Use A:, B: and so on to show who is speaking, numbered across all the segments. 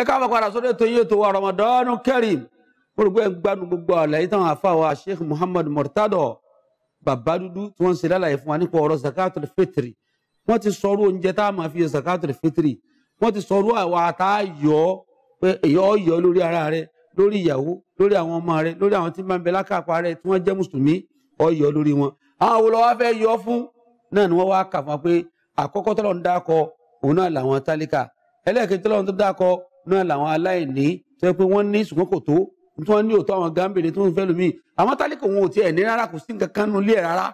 A: ẹ káàbọ̀ padà sórí ètò yín ètò wa Ramadan Kareem mo rò pé ń gbádùn gbogbo àlàyé táwọn afáwa Sheikh Muhammad Murtado bàbá dúdú tí wọ́n ń ṣe lálàyé fún wa nípa ọ̀rọ̀ zakatul fitri wọ́n ti sọ̀rọ̀ oúnjẹ tá a máa fi yọ zakatul fitri wọ́n ti sọ̀rọ̀ àwa tá a yọ pé èyọ yọ lórí ara rẹ lórí ìyàwó lórí àwọn ọmọ rẹ lórí àwọn tí máa ń bẹ lákàpá rẹ tí wọ́n jẹ́ mùsùlùmí ọyọ lórí wọn àwọn wo náà làwọn aláìní tó yẹ pé wọ́n ní ṣùgbọ́n kò tó tí wọ́n ní òótọ́ àwọn gambèrè tó ń fẹ́ lómi àwọn tálíkò wọn ò tiẹ̀ ní rárá kò sí nǹkan kan nulẹ̀ rárá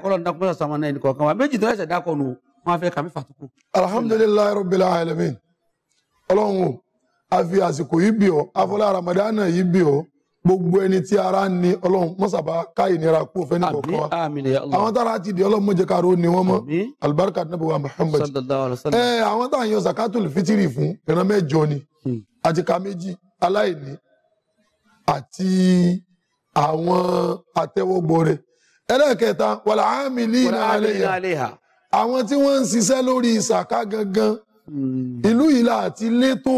A: kọ́lọ́ nígbà kúmọ́sà sàmọ́ náà ẹnìkọ̀ọ̀kan wa méjì tó ẹsẹ̀ dákọ̀ nù wọn á fẹ́ kàmí fàtúkù.
B: alhamdulilayi rabbil alamin ọlọ́run a fi àsìkò yìí bì ọ́ afọlá ramadana yìí bì ọ́ gbogbo ẹni tí ara ń ni ọlọ́run mọ́sàbá ká ìnira kú òfẹ́ ní kọ̀ọ̀kan wa àwọn tára ti di ọlọ́run mọ́jẹ ká ro ni wọ́n mọ́ alibarika nabi wa muhammad ẹ àwọn tá à ń yan zakatul fitiri fún ìran mẹ́jọ ni hmm. àti ka méjì aláìní àti àwọn àtẹwọ́gbọ̀rẹ ẹlẹ́ẹ̀kẹta wàlá àmìlí àléhà àwọn tí wọ́n ń ṣiṣẹ́ lórí ìsàká gangan hmm. ìlú yìí là àti létò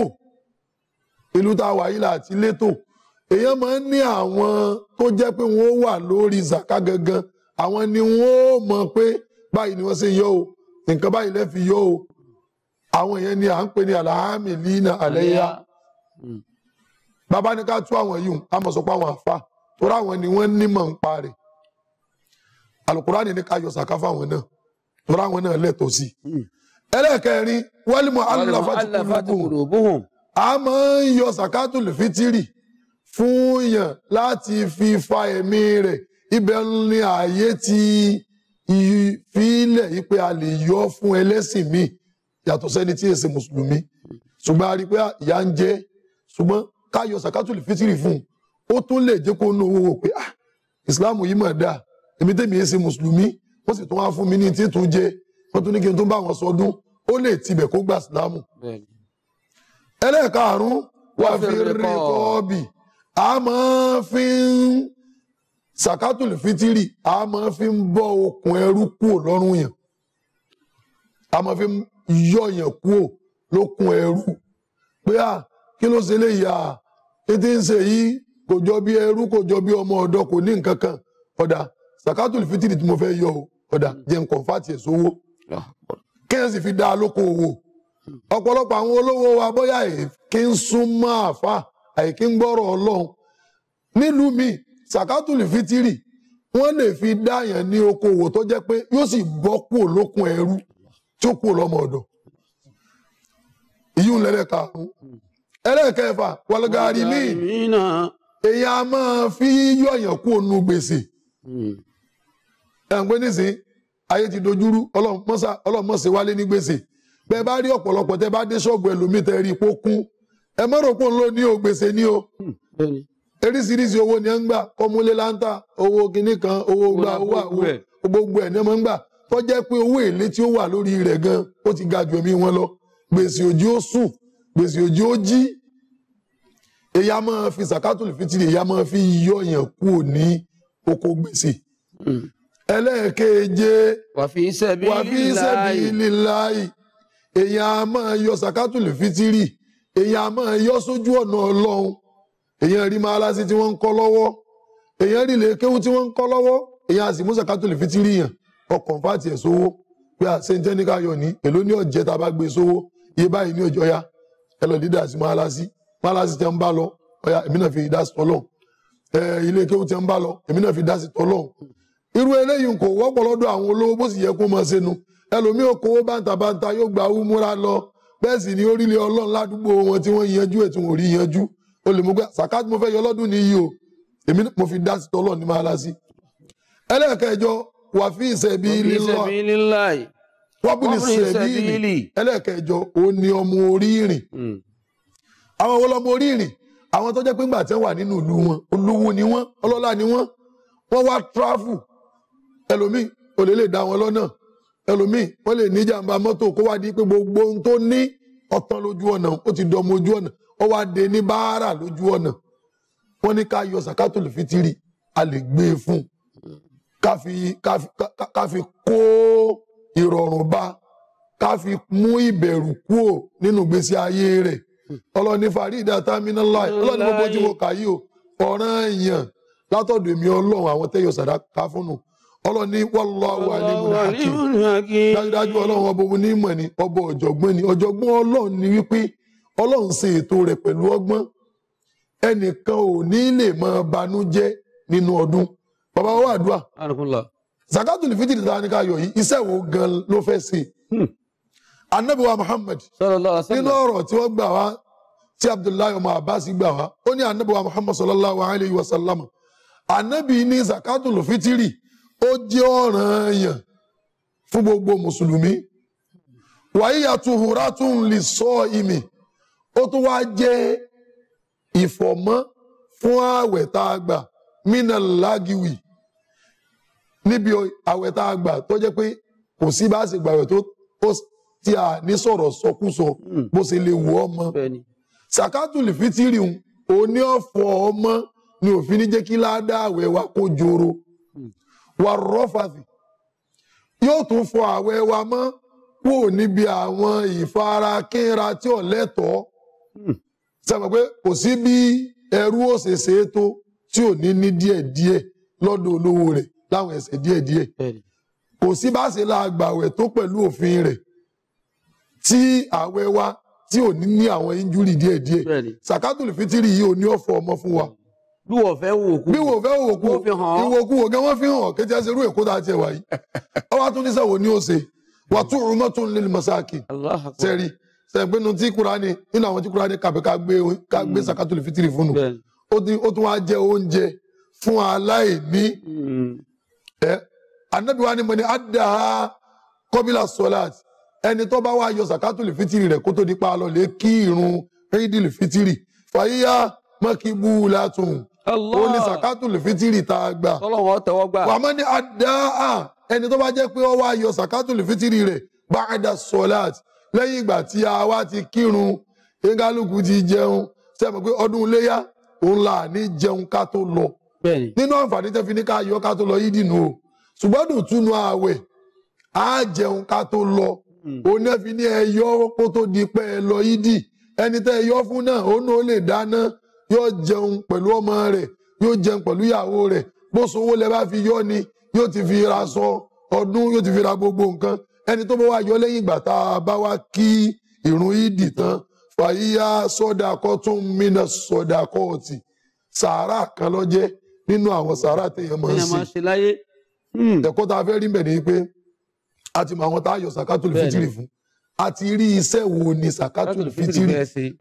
B: ìlú tá a wà yìí là àti létò èèyàn máa ń ní àwọn tó jẹ́ pé wọ́n wà lórí zaka gangan àwọn ni wọ́n mọ̀ pé báyìí ni wọ́n ṣe yọ o nǹkan báyìí lẹ́ fi yọ o àwọn èèyàn ni à ń pè ní alahami lina aleya bàbá ní ká tú àwọn yìí a mọ̀ sọ pé àwọn àfa torí àwọn ni wọ́n nímọ̀ ń parẹ́ alukurani ní ká yọ zaka fáwọn náà torí àwọn náà lẹ́tọ̀ọ́ sí i hmm. ẹlẹ́kẹ̀rin wal mu'allafati qulubuhum a máa ń yọ zakatul fitiri. fún yàn láti fi fa ẹ̀mí rẹ̀ ibẹ̀ ni ààyè ti ìfilẹ̀ yìí pé a lè yọ fún ẹlẹ́sìn yàtọ̀ sẹ́ni tí mùsùlùmí ṣùgbọ́n a rí i pé ìyá ń jẹ́ ṣùgbọ́n káyọ sàkátùlì fitiri fún un ó tún lè jẹ́ kó ná owó wò pé ah yìí mà dáa èmi tèmi èsì mùsùlùmí wọ́n sì tún wá fún mi ní tí tún jẹ wọ́n tún ní kí n tún bá wọn sọdún ó lè tibẹ̀ kó gba a máa fi ń sàkátùlù fitiri a máa fi ń okun okùn ẹrú kúò lọ́rùn yan a máa fi ń yọ yan kúò lókùn ẹrú pé à kí ló ṣe lè yà á ètí ń ṣe yìí kò jọ bí ẹrú kò jọ bí ọmọ ọdọ kò ní nǹkan kan ọ̀dà sàkátùlù fitiri tí mo fẹ́ yọ o ọ̀dà jẹun kọ̀ǹfàtì ẹ̀ sówó n sì fi dá a lóko òwò ọ̀pọ̀lọpọ̀ àwọn olówó wa bóyá kí ń sún mọ́ àìkí ń gbọ́rọ̀ ọlọ́run nílùú mi sàkátùlì fitiri wọ́n lè fi dáyàn ní okòwò tó jẹ́ pé yóò sì bọ́ kúò lókun ẹrú tí ó kúò lọ́mọ ọ̀dọ̀ ìyún lẹ́lẹ́ka ẹlẹ́kẹfà wàlúgàrí míì èèyàn a máa fi yọ̀yàn kúò nu gbèsè hmm. ẹ̀ ń pé nísìnyí ayé ti dojúrú ọlọ́run mọ́sá ọlọ́run mọ́sẹ̀ wálé ní gbèsè bẹ́ẹ̀ bá rí ọ̀pọ̀lọpọ̀ tẹ́ bá dé ṣọ́ọ̀bù ẹlòmíì tẹ́ rí ipò kún ẹ má rò pé òun ló ní o gbèsè ní o hmm, eríṣiríṣi owó ni ẹ ń gbà kọmúlé láńtà owó kinní kan owó gbà owó àwọ gbogbo ẹ ní ọmọ ń gbà tó jẹ́ pé owó èlé tí ó wà lórí rẹ̀ gan ó ti ga ju ẹ̀mí wọn lọ gbèsè òjì ó sùn gbèsè òjì ó jí èyí a máa fi sàkátùlù fitiri èyí a máa fi yọ yàn kúrò ní oko gbèsè hmm. ẹlẹ́ẹ̀keje wàfi sẹ́bi líláì èyí a máa yọ sàkátùlù fitiri èèyàn a máa yọ sójú ọ̀nà ọlọ́run èèyàn rí máa lásì tí wọ́n ń kọ́ lọ́wọ́ èèyàn rí lè kéwú tí wọ́n ń kọ́ lọ́wọ́ èèyàn àsìmú sàkátòlì fitiri yàn ọkàn fàtì ẹ̀ sówó pé àṣẹjẹ́ ní káyọ̀ ní èló ní ọ̀jẹ́ tá a bá gbé sówó iye báyìí ní ọjọ́ ya ẹ lọ dídà sí máa lásì máa lásì tẹ́ ń bá lọ ọ̀yà èmi náà fi dá sí tọ́lọ̀ ilé kéwú tẹ́ ń bá lọ èmi náà fi dá sí tọ́lọ̀ irú eléyìí kò wọ́pọ̀ lọ́dọ̀ àwọn olówó bó sì yẹ kó máa ṣe ẹlòmíì okòwò bántàbántà yóò gba umura lọ bẹ́ẹ̀ sì ni orílẹ̀ ọlọ́run ládùúgbò wọn tí wọ́n yanjú ẹ̀ tí wọ́n rí yanjú o lè mú pé sàkáàtì mo fẹ́ yọ lọ́dún ní yìí o èmi mo fi dá sí tọ́lọ́ ní máa la sí. ẹlẹ́ẹ̀kẹjọ wà fi sabilillahi wà fi sabilillahi ẹlẹ́ẹ̀kẹjọ o ní ọmọ orí ìrìn hmm. àwọn wo lọmọ orí ìrìn àwọn tó jẹ́ pé ńgbà tí wọ́n wà nínú ìlú wọn olówó ni wọ́n ọlọ́lá ni wọ́n wọ́n wá tráfù ẹlòmíì ẹlòmíì wọ́n lè ní jàǹbá mọ́tò kó wá di pé gbogbo ohun tó ní ọ̀tán lójú ọ̀nà ó ti dọmọ ojú ọ̀nà ó wá de ní báárà lójú ọ̀nà wọ́n ní ká yọ sàkátò lè fi tiri a lè gbé e fún ká fi ká fi kó ìrọ̀rùn bá ká fi mú ìbẹ̀rù kúò nínú ìgbésí ayé rẹ̀ ọlọ́ni farida tamina ọlọ́ni gbogbo tí mo kà yìí o ọ̀ràn èèyàn látọ̀dọ̀ èmi ọlọ́run àwọn tẹ́yọ̀ sàdáká fún un ọlọ́run ní wallahu alimun hakim dájúdájú ọlọ́run ọba onímọ̀ ni ọba ọ̀jọ̀gbọ́n ni ọ̀jọ̀gbọ́n ọlọ́run ni wípé ọlọ́run ṣe ètò rẹ̀ pẹ̀lú ọgbọ́n ẹnìkan ò ní lè máa banújẹ́ nínú ọdún bàbá wa àdúrà zakatul fitiri ta ni ká yọ yìí iṣẹ́ wo gan ló fẹ́ ṣe anabi hmm. wa muhammad nínú ọ̀rọ̀ tí wọ́n gbà wá tí abdullahi ọmọ abbas gbà wá ó ní anabi wa muhammad sallallahu alayhi wa sallam anabi ní zakatul fitiri ó jẹ́ ọ̀ranyàn fún gbogbo mùsùlùmí wàyíyà tuhura tún lè sọ ìmì ó tún wá jẹ́ ìfọ̀mọ́ fún ààwẹ̀ tá a gbà mínà lágiwì níbi ààwẹ̀ tá a gbà tó jẹ́ pé kò sí bá a ṣe gbàwẹ̀ tó tí a ní sọ̀rọ̀ sọkúsọ bó ṣe lè wù ọmọ sàkátùlì fitiri òun ní ọ̀fọ̀ ọmọ ni òfin ní jẹ́ kí ládàá àwẹ̀ wa kó joro wà rọ́fàsì yóò tún fọ àwẹ̀ wa mọ́ kúrò níbi àwọn ìfarakínra tí ò lẹ́tọ̀ọ́ sábà hmm. pé kò sí bí ẹrú òṣèṣe tó tí ò ní ní díẹ̀díẹ̀ lọ́dọ̀ olówó rẹ̀ láwọn ẹ̀ṣẹ̀ díẹ̀díẹ̀ kò sí bá ṣe la gbàwẹ̀ tó pẹ̀lú òfin rẹ̀ tí àwẹ̀ wa tí ò ní ní àwọn injúrì díẹ̀díẹ̀ sàkátùlù fitiri yìí ò ní ọ̀fọ̀ ọmọ fún wa. Mm bí wọ́n fẹ́ wò kú bí wọ́n fẹ́ wò kú ìwòkú wò gan wọ́n fi hàn kéde ẹsẹ̀ irú èkó tá a tiẹ̀ wá yìí ọwọ́ àtúndísẹ́ wo ni ó ṣe wà tún rúmọ́ tún lè masakin sẹ́rí sẹ́gbẹ́nu tí Kùránì nínú àwọn tí Kùránì kàbí ká gbé ká gbé hmm. sàkátùlì fitiri fún un ó tún wá jẹ oúnjẹ fún aláìní hmm. ẹ Ànábì wa ni mo ní àdá kọ́bílà sọ́láàt ẹni tó bá wá yọ sàkátùlì fitiri rẹ̀ kó tó di pa lọ lè kí irun rídìlì fitiri fàyíyá mọ́kì búlá tún ó ní sàkátùlù fitiri tá a gbà tọ́lọ́wọ́ tẹ́wọ́ gbà wà á mọ́ ní adáhà ẹni tó bá jẹ́ pé ó wá yọ sàkátùlù fitiri rẹ̀ bá a dà sọ́láàt lẹ́yìn ìgbà tí a wá ti kírun kíngaluku ti jẹun sẹ́mi pé ọdún iléyà òun là ní jẹun ká tó lọ nínú àǹfààní tẹ́ fi ní ká yọ ká tó lọ yìí dìnnú o ṣùgbọ́n dùn túnú ààwẹ̀ á jẹun ká tó lọ hmm. òun náà fi ní ẹyọ kó tó di pẹ́ ẹ lọ yìí dì ẹni tẹ́ yọ fún náà òun náà ó lè dáná yóò jẹun pẹ̀lú ọmọ rẹ̀ yóò jẹun pẹ̀lú ìyàwó rẹ̀ bó sowó lẹ bá fi yọ ni yóò ti fi ra sọ ọdún yóò ti fi ra gbogbo nǹkan ẹni tó bá wá yọ lẹ́yìn ìgbà tá a bá wá kí ìrun ìdì tán fàyíyá sọdàkọ tún mìnà sọdàkọ ọtì sàárà kan ló jẹ́ nínú àwọn sàárà téèyàn máa ń ṣe láyé hmm. tá a fẹ́ rí bẹ̀rẹ̀ pé a ti mọ àwọn tá a yọ sàkátù lè fitiri fún a ti rí iṣẹ́ wo ni sàkátù lè fitiri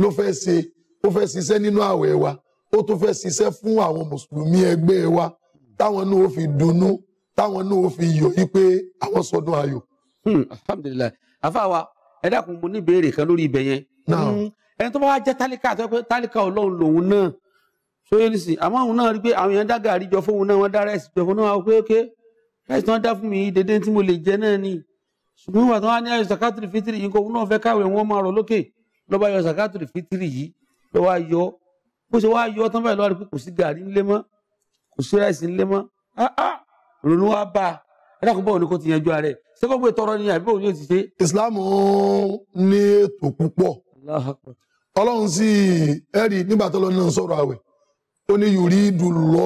B: ló fẹ́ ṣe ó fẹ́ ṣiṣẹ́ nínú àwẹ̀ wa ó tún fẹ́ ṣiṣẹ́ fún àwọn mùsùlùmí ẹgbẹ́ wa táwọn náà ó fi dunnú táwọn náà ó fi yọ̀ yí pé àwọn sọdún ayọ̀. Hmm,
A: alhamdulilayi àfàwà ẹ dákun mo ní ìbéèrè kan lórí ibẹ̀ yẹn. Hmm, ẹni tó bá wá jẹ́ tálíkà tó pé tálíkà ọlọ́run lòun náà sóyè nìsín àmọ́ òun náà rí pé àwọn èèyàn dá gàrí jọ fóun náà wọ́n dá rẹ́sì jọ fóun náà wọ́n pé ókè rẹ́sì tí wọ́n dá fún mi dédé tí mo lè jẹ náà ni ṣùgbọ́n ìwà tí wọ́n ní ayọ̀ sàkátìrì fitiri yìí kò òun náà fẹ́ káwé wọn máa rọ̀ lókè lọ́ba ayọ̀ sàkátìrì fitiri yìí ló wá yọ bó ṣe wá yọ tán báyìí lọ́wọ́ rí pé kò sí gàrí ńlé mọ́ kò sí ráìsì ńlé mọ́ ah, ah! ronú wá bá a ẹ̀dàkùn bọ́ọ̀ ni kò ti yanjú ààrẹ ṣé kò gbé tọrọ ni àbí òun
B: yóò ti ṣe. Islam ní ètò púpọ̀ ọlọ́run sì ẹ̀rí nígbà tó lọ náà sọ̀rọ̀ àwẹ̀ ó ní yùrí ìdù lọ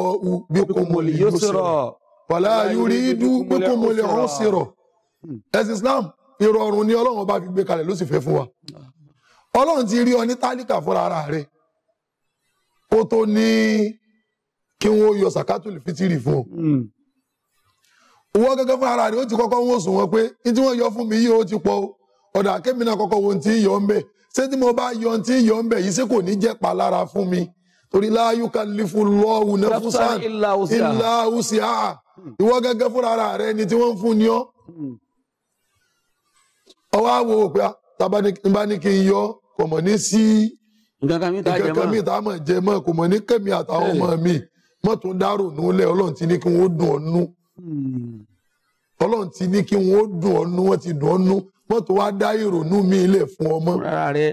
B: bí kò mọ̀ lè yóò sọ̀rọ̀ wàlá yùrí ìdù bí kò mọ̀ lè ọ̀hún sọ̀rọ̀ ẹ̀sìn Islam ìrọ̀rùn ni ọlọ́run ọba fi gbé kalẹ̀ ló sì fẹ́ fún wa ọlọ́run ti rí ọ ní tálíkà fúnra ara rẹ kó tó ní kí wọ́n yọ sàkátùlù fitiri fún ọ. Hmm. wọ́n gẹ́gẹ́ ara rẹ ó ti kọ́kọ́ wọ́n wọn pé ní tí wọ́n yọ fún mi yìí ó ti pọ̀ o ọ̀dà kémi náà kọ́kọ́ wọn ti yọ tí mo bá yọ tí yọ ń yìí ṣé kò ní jẹ́ palára fún mi torí tábà ní kí n yọ kò mọ̀ ní sí nǹkan mi tá a jẹ mọ́ kò mọ̀ ní kẹ́mi àtàwọn ọmọ mi mọ́ tó dárò nulẹ̀ ọlọ́run ti ní kí wọ́n dùn ọ́nú hmm. ọlọ́run ti ní kí wọ́n dùn ọ́nú wọ́n ti dùn ọ́nú mọ́ tó wá dá ìrònú mi ilẹ̀ fún ọmọ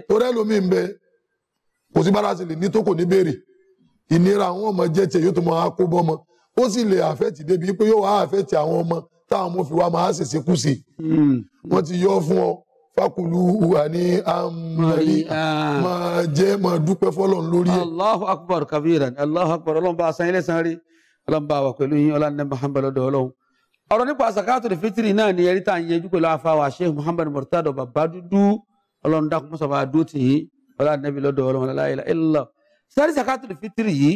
B: torí ẹlòmí ń bẹ kò sí bára sí lè ní tó kò ní béèrè ìnira àwọn ọmọ jẹ́ tiẹ̀ yóò tó máa kó bọ́mọ ó sì lè àfẹ́tì débi pé yóò wá àfẹ́tì àwọn ọmọ táwọn ọmọ fi wá máa ṣèṣe kù sí wọ́n ti yọ fún ọ fakulu ani amari máa jẹ máa dúpẹ́ fọ́lọ́run lórí ẹ. Allahu akbar
A: kabiran Allahu akbar Ọlọ́run bá a san ilé san rí Ọlọ́run wa pẹ̀lú yín Ọlọ́run nẹẹmọ hàn bẹlẹ ọ̀dọ̀ Ọlọ́run. ọ̀rọ̀ nípa sakatul fitiri náà ni ẹrí tá à ń yẹjú pẹ̀lú afáwà Sheikh Muhammad Murtado bàbá dúdú Ọlọ́run dákun mọsàbà àdó tì yín Ọlọ́run nẹbi lọ́dọ̀ Ọlọ́run la ilaha illallah. sáré sakatul fitiri yìí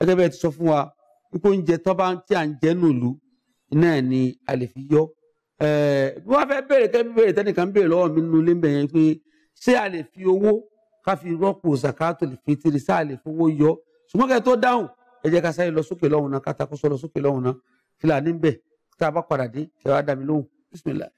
A: ẹgbẹ́ bẹ́ẹ̀ ti sọ fún wa ipò oúnjẹ tó tí à ń jẹ́ nùlù náà ni a fi yọ́ bí wọ́n fẹ́ béèrè kẹ́ béèrè tẹ́nìkan ń béèrè lọ́wọ́ mi nínú ilé ń bẹ̀ yẹn pé ṣé a lè fi owó ká fi rọ́pò zakato lè fi tiri ṣá a lè fowó yọ ṣùgbọ́n kẹ́ tó dáhùn ẹ jẹ́ ká sáyé lọ sókè lọ́hùn náà kátakó sọ lọ sókè lọ́hùn náà fìlà níbẹ̀ tá a bá padà dé kẹ́ wá dá mi lóhùn bísímìlá.